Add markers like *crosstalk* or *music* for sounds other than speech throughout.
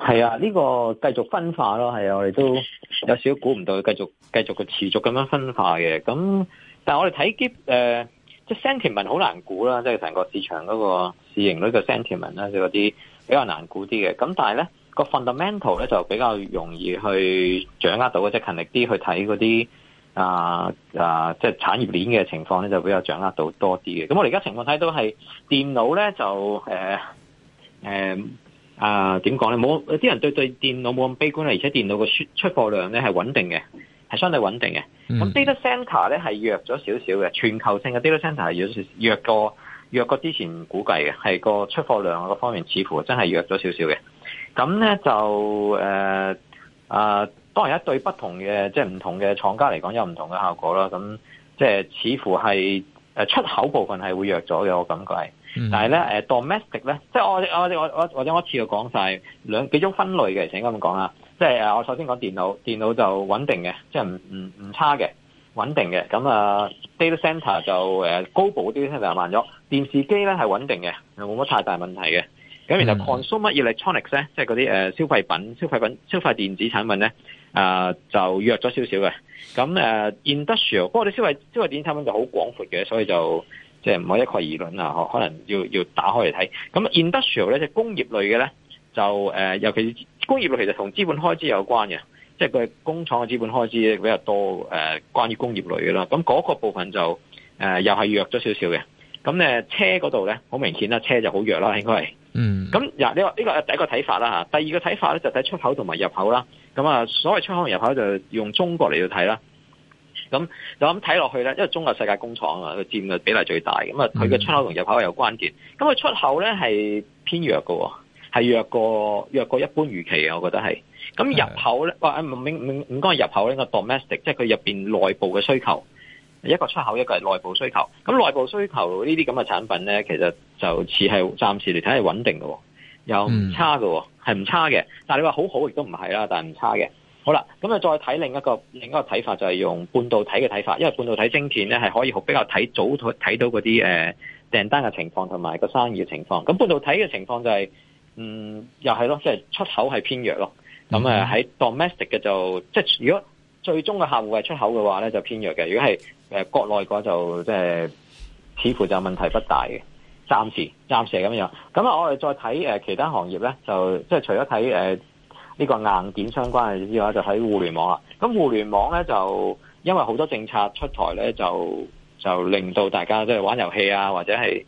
係啊，呢、這個繼續分化咯，係啊，我哋都有少少估唔到繼，佢繼續繼續嘅持續咁樣分化嘅。咁但係我哋睇誒，即係 sentiment 好難估啦，即係成個市場嗰個市盈率嘅 sentiment 啦，就嗰啲比較難估啲嘅。咁但係咧個 fundamental 咧就比較容易去掌握到，即係勤力啲去睇嗰啲啊啊，即係產業鏈嘅情況咧就比較掌握到多啲嘅。咁我哋而家情況睇到係電腦咧就誒誒。呃呃啊，點講咧？冇啲人對對電腦冇咁悲觀啦，而且電腦個出出貨量咧係穩定嘅，係相對穩定嘅。咁、嗯、data center 咧係弱咗少少嘅，全球性嘅 data center 係弱過弱過弱過之前估計嘅，係個出貨量個方面似乎真係弱咗少少嘅。咁咧就誒啊、呃呃，當然一對不同嘅即係唔同嘅廠家嚟講有唔同嘅效果啦。咁即係似乎係誒出口部分係會弱咗嘅，我感覺係。但係咧，誒、呃、domestic 咧，即係我我我我我想我試過講晒兩幾種分類嘅，請啱唔講啊！即係誒，我首先講電腦，電腦就穩定嘅，即係唔唔唔差嘅，穩定嘅。咁啊，data center 就誒高部啲咧就慢咗。電視機咧係穩定嘅，冇乜太大問題嘅。咁然後 consumer electronics 咧，嗯、即係嗰啲誒消費品、消費品、消費電子產品咧，啊、呃、就弱咗少少嘅。咁誒、啊、，industrial，不過啲消費消費電子產品就好廣闊嘅，所以就。即係唔可以一概而論啊！可能要要打開嚟睇。咁 industrial 咧，即係工業類嘅咧，就誒、呃，尤其是工業類其實同資本開支有關嘅，即係佢工廠嘅資本開支比較多誒、呃，關於工業類嘅啦。咁嗰個部分就誒、呃、又係弱咗少少嘅。咁呢車嗰度咧，好明顯啦，車就好弱啦，應該係。嗯。咁嗱，呢個、呢個第一個睇法啦吓，第二個睇法咧就睇出口同埋入口啦。咁啊，所謂出口同入口就用中國嚟去睇啦。咁就咁睇落去咧，因為中國世界工廠啊，佢佔嘅比例最大。咁啊，佢嘅出口同入口係有關鍵。咁佢、嗯、出口咧係偏弱喎、哦，係弱過弱過一般預期嘅，我覺得係。咁入口咧，哇！唔明唔該入口呢個是的、哦、domestic，即係佢入面內部嘅需求。一個出口，一個係內部需求。咁內部需求呢啲咁嘅產品咧，其實就似係暫時嚟睇係穩定嘅、哦，又唔差喎、哦，係唔、嗯、差嘅。但係你話好好亦都唔係啦，但係唔差嘅。好啦，咁啊再睇另一個另一個睇法就係用半導體嘅睇法，因為半導體晶片咧係可以好比較睇早睇到嗰啲誒訂單嘅情況同埋個生意嘅情況。咁半導體嘅情況就係、是、嗯又係咯，即係出口係偏弱咯。咁喺、呃、domestic 嘅就即係如果最終嘅客戶係出口嘅話咧就偏弱嘅。如果係、呃、國內嘅話就即係似乎就問題不大嘅，暫時暫時係咁樣。咁啊我哋再睇、呃、其他行業咧就即係除咗睇呢個硬件相關嘅嘢就喺互聯網啦，咁互聯網咧，就因為好多政策出台咧，就就令到大家即係玩遊戲啊，或者係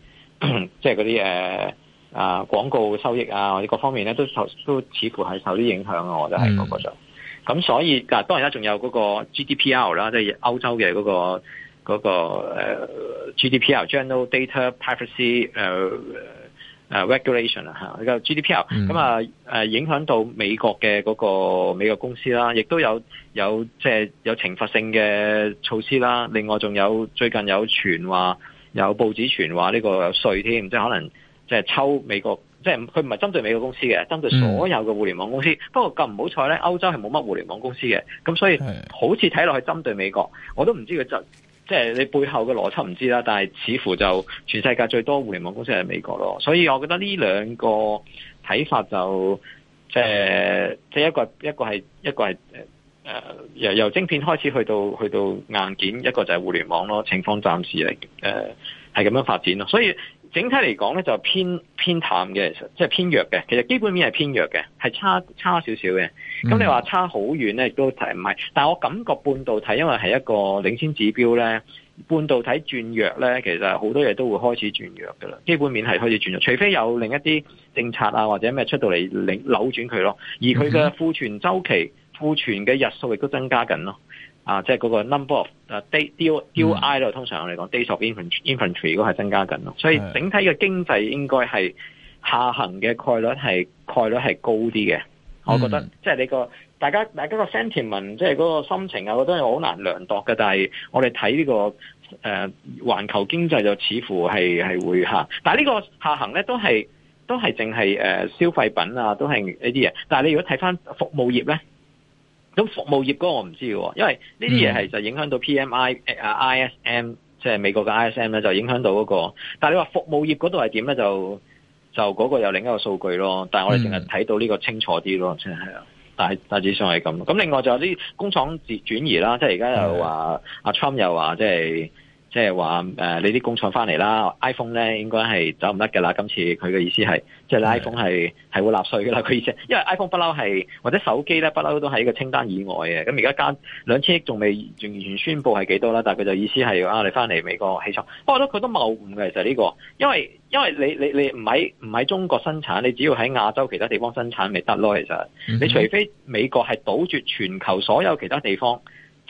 即係嗰啲誒啊廣告收益啊，或者各方面咧都受都似乎係受啲影響啊。我覺得係嗰個上。咁所以嗱，當然啦，仲有嗰個 GDPR 啦，即係歐洲嘅嗰個嗰個誒 GDPR General Data Privacy、呃。誒 regulation 啊嚇，呢個、uh, uh, GDPR 咁啊誒影響到美國嘅嗰個美國公司啦，亦、uh, 都有有即係有懲罰性嘅措施啦。Uh, 另外仲有最近有傳話，有報紙傳話呢個有稅添，uh, 即係可能即係抽美國，即係佢唔係針對美國公司嘅，針對所有嘅互聯網公司。Uh, 不過咁唔好彩咧，歐洲係冇乜互聯網公司嘅，咁所以好似睇落去針對美國，我都唔知佢就。即係你背後嘅邏輯唔知啦，但係似乎就全世界最多互聯網公司係美國咯，所以我覺得呢兩個睇法就即係即係一個一個係一個係誒誒由由晶片開始去到去到硬件，一個就係互聯網咯，情況暫時嚟誒係咁樣發展咯，所以。整體嚟講咧就偏偏淡嘅，即係偏弱嘅。其實基本面係偏弱嘅，係差差少少嘅。咁你話差好遠咧，亦都係唔係？但我感覺半導體因為係一個領先指標咧，半導體轉弱咧，其實好多嘢都會開始轉弱㗎喇。基本面係開始轉弱，除非有另一啲政策啊或者咩出到嚟扭轉佢咯。而佢嘅庫存周期庫存嘅日數亦都增加緊咯。啊，即係嗰個 number of 啊 daily UI 咯，通常我哋講、嗯、days of inventory 嗰個係增加緊咯，所以整體嘅經濟應該係下行嘅概率係概率係高啲嘅，我覺得即係、就是、你個大家大家個 sentiment 即係嗰個心情啊，我覺得係好難量度嘅，但係我哋睇呢個誒、呃、環球經濟就似乎係會下，但係呢個下行咧都係都係淨係消費品啊，都係呢啲嘢，但係你如果睇翻服務業咧？咁服務業嗰個我唔知喎，因為呢啲嘢係就影響到 PMI 啊 ISM，即係美國嘅 ISM 咧，就影響到嗰個。但係你話服務業嗰度係點咧？就就嗰個有另一個數據咯。但係我哋淨係睇到呢個清楚啲咯，即係係啊，大大致上係咁。咁另外就有啲工廠轉轉移啦，即係而家又話阿 Trump 又話即係。即係話誒，你啲工廠翻嚟啦，iPhone 咧應該係走唔得嘅啦。今次佢嘅意思係，即係 iPhone 係係會納稅嘅啦。佢意思，因為 iPhone 不嬲係或者手機咧不嬲都係一個清單以外嘅。咁而家加兩千億仲未完全宣佈係幾多啦，但係佢就意思係啊，你翻嚟美國起廠。不過我覺得佢都謬誤嘅，其實呢個，因為因為你你你唔喺唔喺中國生產，你只要喺亞洲其他地方生產咪得咯。其實，你除非美國係堵絕全球所有其他地方。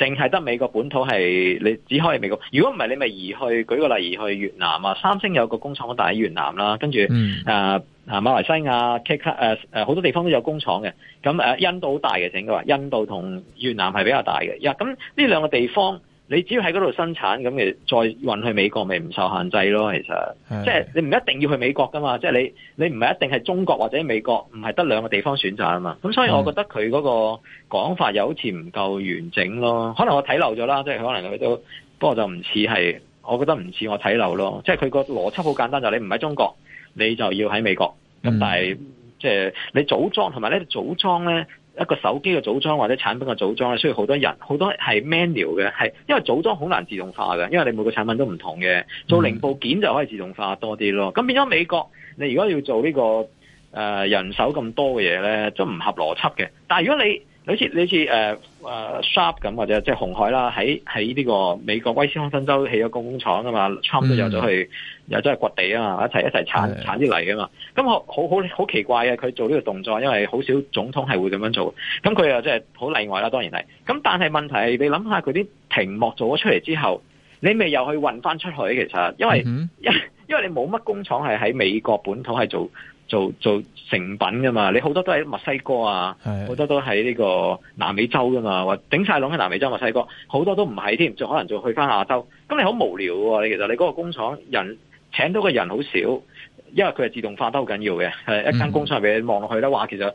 淨係得美國本土係你只可以美國，如果唔係你咪移去。舉個例，移去越南啊，三星有個工廠都大喺越南啦，跟住嗯啊，馬來西亞、Kika 好多地方都有工廠嘅。咁、啊、印度好大嘅，整個話印度同越南係比較大嘅。咁、啊、呢兩個地方。你只要喺嗰度生產，咁你再運去美國，咪唔受限制咯。其實，是的 即係你唔一定要去美國噶嘛。即係你你唔係一定係中國或者美國，唔係得兩個地方選擇啊嘛。咁所以，我覺得佢嗰個講法又好似唔夠完整咯。可能我睇漏咗啦，即係可能佢都，不過就唔似係，我覺得唔似我睇漏咯。即係佢個邏輯好簡單，就係你唔喺中國，你就要喺美國。咁、嗯、但係，即係你組裝同埋咧組裝咧。一個手機嘅組裝或者產品嘅組裝咧，需要好多人，好多係 manual 嘅，係因為組裝好難自動化嘅，因為你每個產品都唔同嘅，做零部件就可以自動化多啲咯。咁變咗美國，你如果要做呢、呢個、呃、人手咁多嘅嘢咧，都唔合邏輯嘅。但係如果你好似你，似誒誒 Sharp 咁或者即係鴻海啦，喺喺呢個美國威斯康辛州起咗工廠啊嘛，差唔多又走去、mm hmm. 又走去掘地啊嘛，一齊一齊鏟鏟啲泥啊嘛，咁好好好好奇怪嘅，佢做呢個動作，因為好少總統係會咁樣做，咁佢又真係好例外啦，當然係。咁但係問題係你諗下，佢啲屏幕做咗出嚟之後，你咪又去運翻出去其實，因為因、mm hmm. *laughs* 因為你冇乜工廠係喺美國本土係做。做做成品噶嘛，你好多都喺墨西哥啊，好是的 多都喺呢個南美洲噶嘛，或頂晒籠喺南美洲墨西哥，好多都唔係添，就可能就去翻亞洲。咁你好無聊喎、啊，你其實你嗰個工廠人請到嘅人好少，因為佢係自動化得好緊要嘅，係一間工廠俾你望落去咧，話其實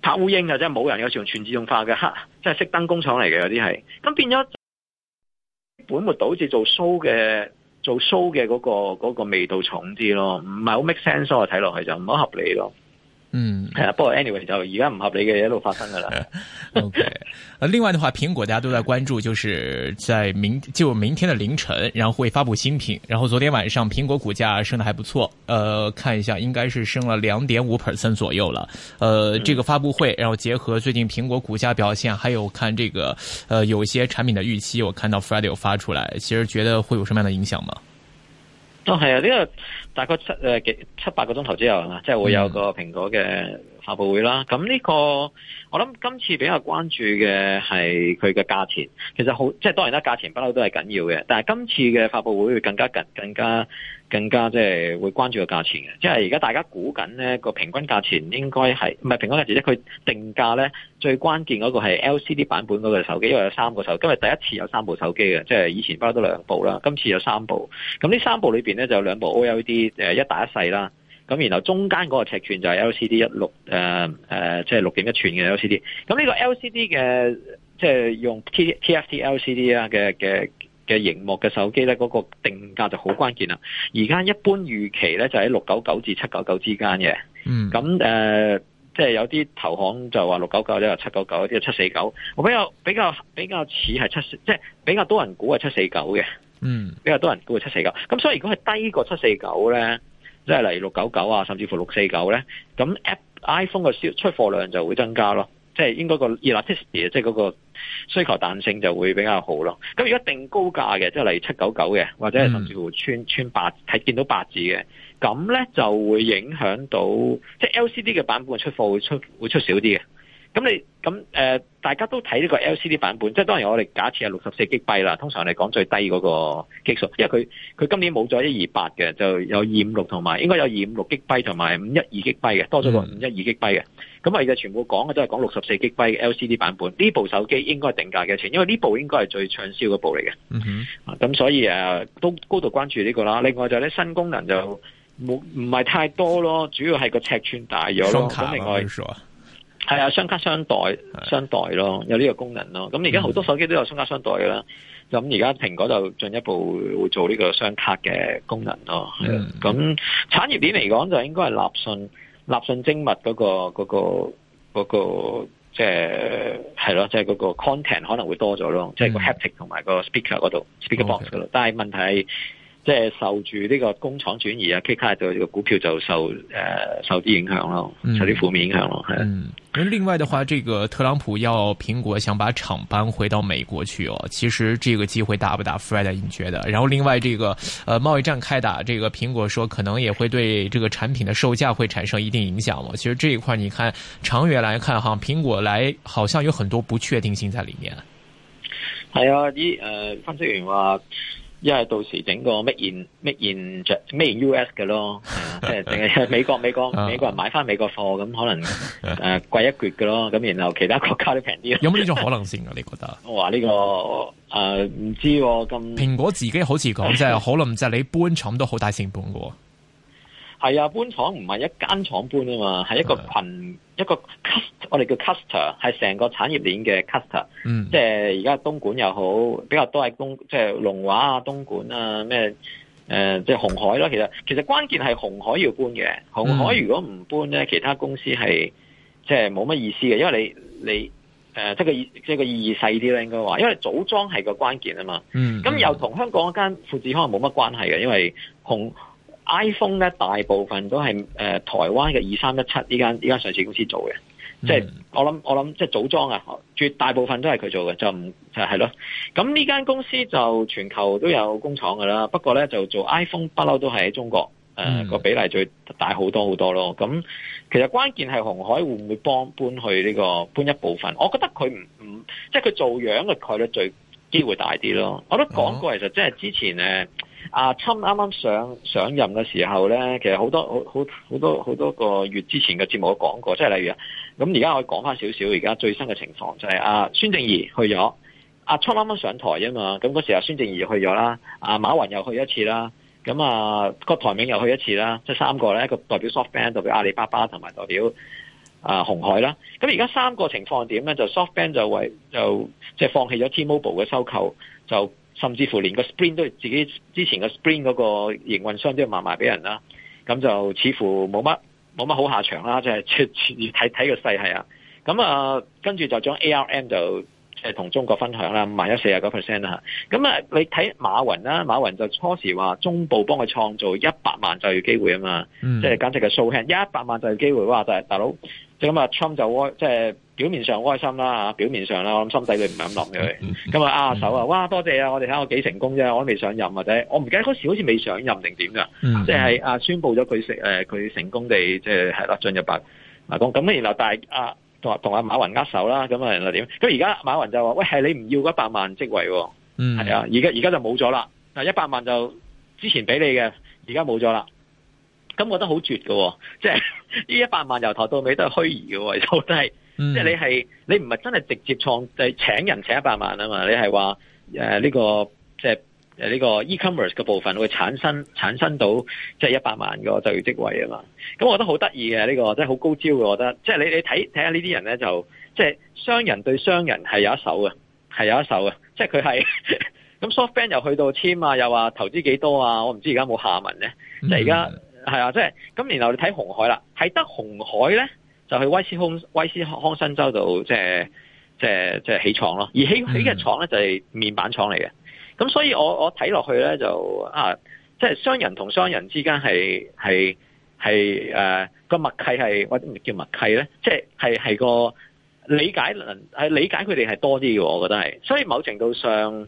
拍烏蠅就即係冇人，有時用全自動化嘅，即係熄燈工廠嚟嘅嗰啲係。咁變咗本末倒置做 show 嘅。S 做 show 嘅嗰個嗰個味道重啲咯，唔係好 make sense 咯，睇落去就唔好合理咯。嗯，But anyway, *noise* 不過 anyway 就而家唔合理嘅嘢一路發生噶啦。 *laughs* OK，呃、啊、另外的話，蘋果大家都在關注，就是在明就明天的凌晨，然後會發佈新品。然後昨天晚上蘋果股價升得還不錯，呃，看一下應該是升了兩點五 percent 左右了。呃，嗯、這個發佈會，然後結合最近蘋果股價表現，還有看這個，呃，有一些產品的預期，我看到 Friday 有發出來，其實覺得會有什麼樣的影響嗎？都係啊！呢個、哦、大概七誒，七，七八個鐘頭之後啊，即係會有個蘋果嘅，嗯發佈會啦，咁呢個我諗今次比較關注嘅係佢嘅價錢，其實好即係當然啦，價錢不嬲都係緊要嘅，但係今次嘅發佈會會更加緊更加更加即係會關注個價錢嘅，即係而家大家估緊呢個平均價錢應該係唔係平均價錢，即係佢定價呢，最關鍵嗰個係 LCD 版本嗰個手機，因為有三個手，今日第一次有三部手機嘅，即係以前不嬲都兩部啦，今次有三部，咁呢三部裏面呢，就有兩部 OLED，一大一細啦。咁然後中間嗰個尺寸就係 LCD 一六誒即係六點一寸嘅 LCD。咁、呃、呢、就係、LC 個 LCD 嘅即係、就係、用 T TFT LCD 啊嘅嘅嘅螢幕嘅手機咧，嗰、嗰個定價就好關鍵啦。而家一般預期咧就喺六九九至七九九之間嘅。嗯。咁誒，即、呃、係、就係、有啲投行就話六九九，即話七九九，即啲七四九。我比較比較比較似係七，即、就、係、是、比較多人估係七四九嘅。嗯。比較多人估係七四九，咁所以如果係低過七四九咧。即係例如六九九啊，甚至乎六四九咧，咁 App iPhone 嘅出貨量就會增加咯。即係應該個 elasticity，即係嗰個需求彈性就會比較好咯。咁如果定高價嘅，即係例如七九九嘅，或者係甚至乎穿穿八睇見到八字嘅，咁咧就會影響到即係 LCD 嘅版本嘅出貨會出會出少啲嘅。咁你咁誒、呃，大家都睇呢個 LCD 版本，即係當然我哋假設係六十四 GB 啦。通常嚟講最低嗰個級數，因為佢佢今年冇咗一二八嘅，就有二五六同埋應該有二五六 GB 同埋五一二 GB 嘅，多咗個五一二 GB 嘅。咁、嗯、我哋就全部講嘅都係講六十四 GB LCD 版本呢部手機應該定價幾多錢？因為呢部應該係最暢銷嘅部嚟嘅。咁、嗯、哼所以誒、啊，都高度關注呢個啦。另外就呢咧新功能就冇唔係太多咯，主要係個尺寸大咗咯。另外。係啊，雙卡雙待雙待咯，有呢個功能咯。咁而家好多手機都有雙卡雙待嘅啦。咁而家蘋果就進一步會做呢個雙卡嘅功能咯。咁 Yeah, yeah. 產業鏈嚟講就應該係立訊、立訊精密嗰、嗰個、嗰、嗰個、即係係咯，即係嗰個、即係啊即係、個 content 可能會多咗咯，即、即、係、係、個 haptic 同埋個 speaker 度 speaker box 嗰度。Okay. 但係問題係。即係受住呢個工廠轉移啊，其他對個股票就受誒、呃、受啲影響咯，受啲負面影響咯。嗯,是嗯，另外的話，這個特朗普要蘋果想把廠搬回到美國去哦，其實這個機會大不大 Fred 你覺得？然後另外這個，呃，貿易戰開打，這個蘋果說可能也會對這個產品的售價會產生一定影響咯、哦。其實這一塊，你看長遠來看哈，蘋果來好像有很多不確定性在裏面。係啊，啲、呃、誒，分析員話。一係到時整個 made in made in 著 made in US 嘅咯，即係淨係美國美國美國人買翻美國貨咁，可能誒、呃、貴一啲嘅咯。咁然後其他國家都平啲。有冇呢種可能性㗎、啊？你覺得？我話呢個誒唔、呃、知喎，咁蘋果自己好似講即係可能就係你搬廠都好大成本嘅。係啊，搬廠唔係一間廠搬啊嘛，係一個群，的一個 cust，我哋叫 cluster，係成個產業鏈嘅 cluster。嗯，即係而家東莞又好，比較多喺東，即係龍華啊、東莞啊，咩誒、呃，即係紅海咯。其實其實關鍵係紅海要搬嘅，紅海如果唔搬咧，其他公司係即係冇乜意思嘅，因為你你誒、呃，即係個即係個意義細啲咧，應該話，因為組裝係個關鍵啊嘛。嗯，嗯，咁又同香港一間富士康冇乜關係嘅，因為紅。iPhone 咧大部分都係誒、呃、台灣嘅二三一七呢間呢間上市公司做嘅，即係、嗯就是、我諗我諗即係組裝啊，絕大部分都係佢做嘅，就唔就係、是、咯。咁呢間公司就全球都有工廠噶啦，不過咧就做 iPhone 不嬲都係喺中國誒個、呃嗯、比例最大好多好多咯。咁其實關鍵係鴻海會唔會幫搬，搬去呢、這個搬一部分？我覺得佢唔唔即係佢做樣嘅概率最機會大啲咯。我都講過，其實、哦、即係之前誒。阿侵啱啱上上任嘅時候咧，其實好多好好好多好多個月之前嘅節目都講過，即係例如、就是、啊，咁而家我講返少少，而家最新嘅情況就係阿孫正義去咗，阿侵啱啱上台啊嘛，咁嗰時候、啊、孫正義去咗啦，阿、啊、馬雲又去一次啦，咁啊個台銘又去一次啦，即、就、係、是、三個咧，一個代表 SoftBank，代表阿里巴巴同埋代表啊鴻海啦，咁而家三個情況點咧？就 SoftBank 就為就即係放棄咗 T-Mobile 嘅收購就。甚至乎連個 Spring 都係自己之前個 Spring 嗰個營運商都要賣埋俾人啦，咁就似乎冇乜冇乜好下場啦，就係全睇睇個勢係啊，啊，咁啊跟住就將 ARM 就。同中國分享啦，萬一四九個 percent 啦嚇。咁啊，你睇馬雲啦，馬雲就初時話中部幫佢創造一百萬就業機會啊嘛，即係、嗯、簡直係 show hand 一百萬就業機會，哇！大就大、是、佬，即咁啊，Trump 就即係、就是、表面上開心啦嚇，表面上啦，我諗心底裏唔係咁諗嘅佢。咁、嗯嗯、啊，阿手啊，哇！多謝啊，我哋睇我幾成功啫，我都未上任或者，我唔記得嗰時好似未上任定點㗎，即係啊宣佈咗佢成誒佢成功地即係係咯進入白啊宮，咁然後但係啊。同阿馬雲握手啦，咁啊點？咁而家馬雲就話：，喂，係你唔要嗰一百萬職位，係啊？而家而家就冇咗啦。嗱，一百萬就之前俾你嘅，而家冇咗啦。咁我得好絕嘅，即係呢一百萬由頭到尾都係虛擬嘅，都、就、係、是，即、就、係、是、你係你唔係真係直接創，即、就、係、是、請人請一百萬啊嘛？你係話誒呢個即係。就是誒呢個 e-commerce 嘅部分會產生產生到即係一百萬個就業職位啊嘛！咁我覺得好得意嘅呢個，真係好高招嘅，我覺得。即係你你睇睇下呢啲人咧，就即係商人對商人係有一手嘅，係有一手嘅。即係佢係咁 SoftBank 又去到簽啊，又話投資幾多啊？我唔知而家冇下文咧。即係而家係啊，即係咁。然後你睇鴻海啦，係得鴻海咧就去威斯康威斯康辛州度，即係即係即係起廠咯。而起、嗯、起嘅廠咧就係面板廠嚟嘅。咁所以我，我我睇落去咧就啊，即係商人同商人之間係係係誒個默契係，或者唔叫默契咧，即係係個理解能係理解佢哋係多啲嘅，我覺得係。所以某程度上，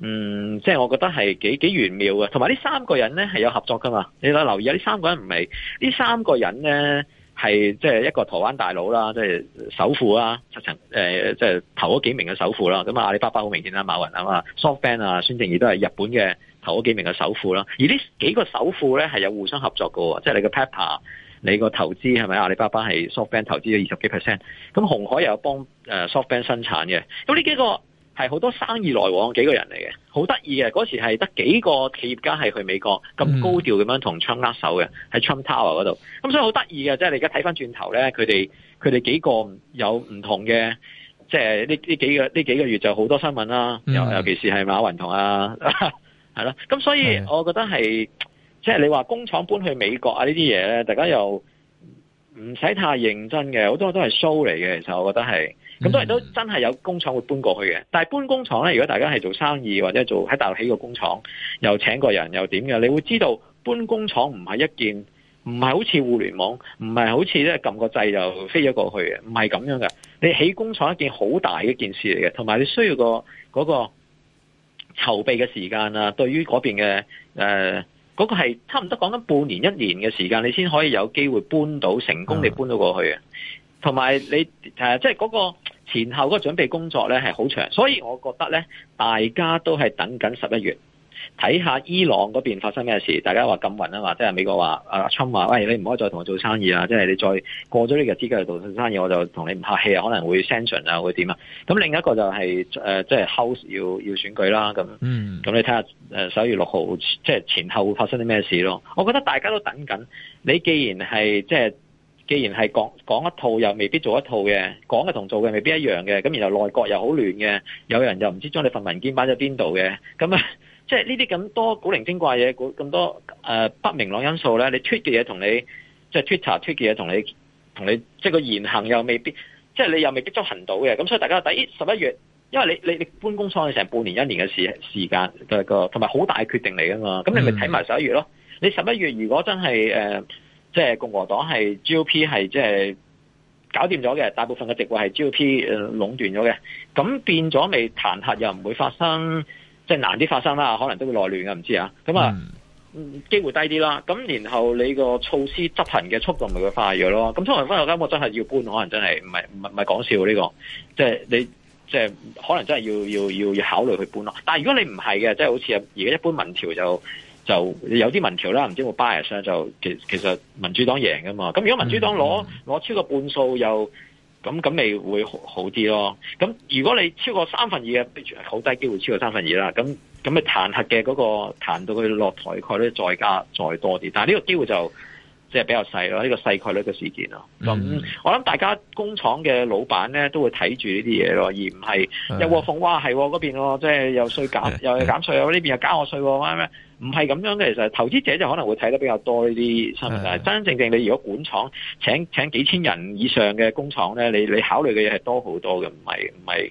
嗯，即係我覺得係幾幾玄妙嘅。同埋呢三個人咧係有合作噶嘛？你留留意下，呢三個人唔係呢三個人咧。係即係一個台灣大佬啦，即係首富啦，呃，即係頭嗰幾名嘅首富啦。咁啊，阿里巴巴好明顯啦，馬雲啊嘛，SoftBank 啊，SoftBank，孫正義都係日本嘅頭嗰幾名嘅首富啦。而呢幾個首富咧係有互相合作嘅，即係你個 Pepper，你個投資係咪阿里巴巴係 SoftBank 投資咗二十幾 percent？咁鴻海又有幫 SoftBank 生產嘅。咁呢幾個。係好多生意來往嘅幾個人嚟嘅，好得意嘅。嗰時係得幾個企業家係去美國咁高調咁樣同 Trump 握手嘅，喺 Trump Tower 嗰度。咁所以好得意嘅，即係你而家睇翻轉頭咧，佢哋佢哋幾個有唔同嘅，即係呢呢幾個呢幾個月就好多新聞啦、啊。尤其是係馬雲同啊係咯，咁 *laughs* 所以我覺得係即係你話工廠搬去美國啊呢啲嘢咧，大家又。唔使太認真嘅，好多都係 show 嚟嘅。其實我覺得係，咁都係都真係有工廠會搬過去嘅。但係搬工廠呢，如果大家係做生意或者做喺大陸起個工廠，又請個人又點嘅，你會知道搬工廠唔係一件，唔係好似互聯網，唔係好似呢撳個掣就飛咗過去嘅，唔係咁樣嘅。你起工廠一件好大嘅一件事嚟嘅，同埋你需要個嗰個籌備嘅時間啊，對於嗰邊嘅誒嗰個係差唔多講緊半年一年嘅時間，你先可以有機會搬到成功地搬到過去，嗯、啊！同埋你即係嗰個前後嗰個準備工作咧係好長，所以我覺得咧，大家都係等緊十一月。睇下伊朗嗰邊發生咩事，大家話禁運嘛啊，話即係美國話啊，阿 Trump 話，喂，你唔可以再同我做生意啦，即係你再過咗呢個日子去做生意，我就同你唔客氣啊，可能會 sanction 啊，會點啊？咁另一個就係、是呃、即係 house 要要選舉啦，咁咁、mm. 你睇下誒十一月六號即係前後會發生啲咩事咯？我覺得大家都等緊。你既然係即係，既然係講講一套又未必做一套嘅，講嘅同做嘅未必一樣嘅，咁然後內閣又好亂嘅，有人又唔知將你份文件擺咗邊度嘅，咁啊～即係呢啲咁多古靈精怪嘢，咁多誒、呃、不明朗因素咧，你，你、就是、tw tweet 嘅嘢同你，即係 Twitter tweet 嘅嘢同你，同你即係個言行又未必，即係你又未必足行到嘅，咁所以大家睇，十一月，因為你你你，你搬工廠係成半年一年嘅時間，同埋好大決定嚟㗎嘛，咁你咪睇埋十一月咯。你十一月如果真係誒、呃，即係共和黨係 G O P 係即係搞掂咗嘅，大部分嘅席位係 G O P 壟斷咗嘅，咁變咗未彈劾又唔會發生。即係難啲發生啦，可能都會內亂㗎，唔知啊。咁、嗯、啊，機、嗯、會低啲啦。咁然後你個措施執行嘅速度咪會快咗咯。咁通常翻嚟咁，我真係要搬，可能真係唔係唔係唔係講笑呢、這個。即、就、係、是、你即係、就是、可能真係要要要考慮去搬咯。但係如果你唔係嘅，即、就、係、是、好似而家一般民調就就有啲民調啦，唔知會 bias 咧，就其其實民主黨贏噶嘛。咁如果民主黨攞攞超過半數又。咁咁咪會好啲咯。咁如果你超過三分二嘅，好低機會超過三分二啦。咁咁你彈劾嘅嗰個彈到佢落台概呢，概率再加再多啲。但係呢個機會就～即係比較細咯，呢個細概率嘅事件咯。咁、嗯、我諗大家工廠嘅老闆咧都會睇住呢啲嘢咯，而唔係又話。的哇，係嗰邊咯，即係又稅減，的又係減稅，我呢邊又加我稅，咩咩？唔係咁樣嘅，其實投資者就可能會睇得比較多呢啲新聞。但係真的真正正，你如果管廠請請幾千人以上嘅工廠咧，你你考慮嘅嘢係多好多嘅，唔係唔係。唔係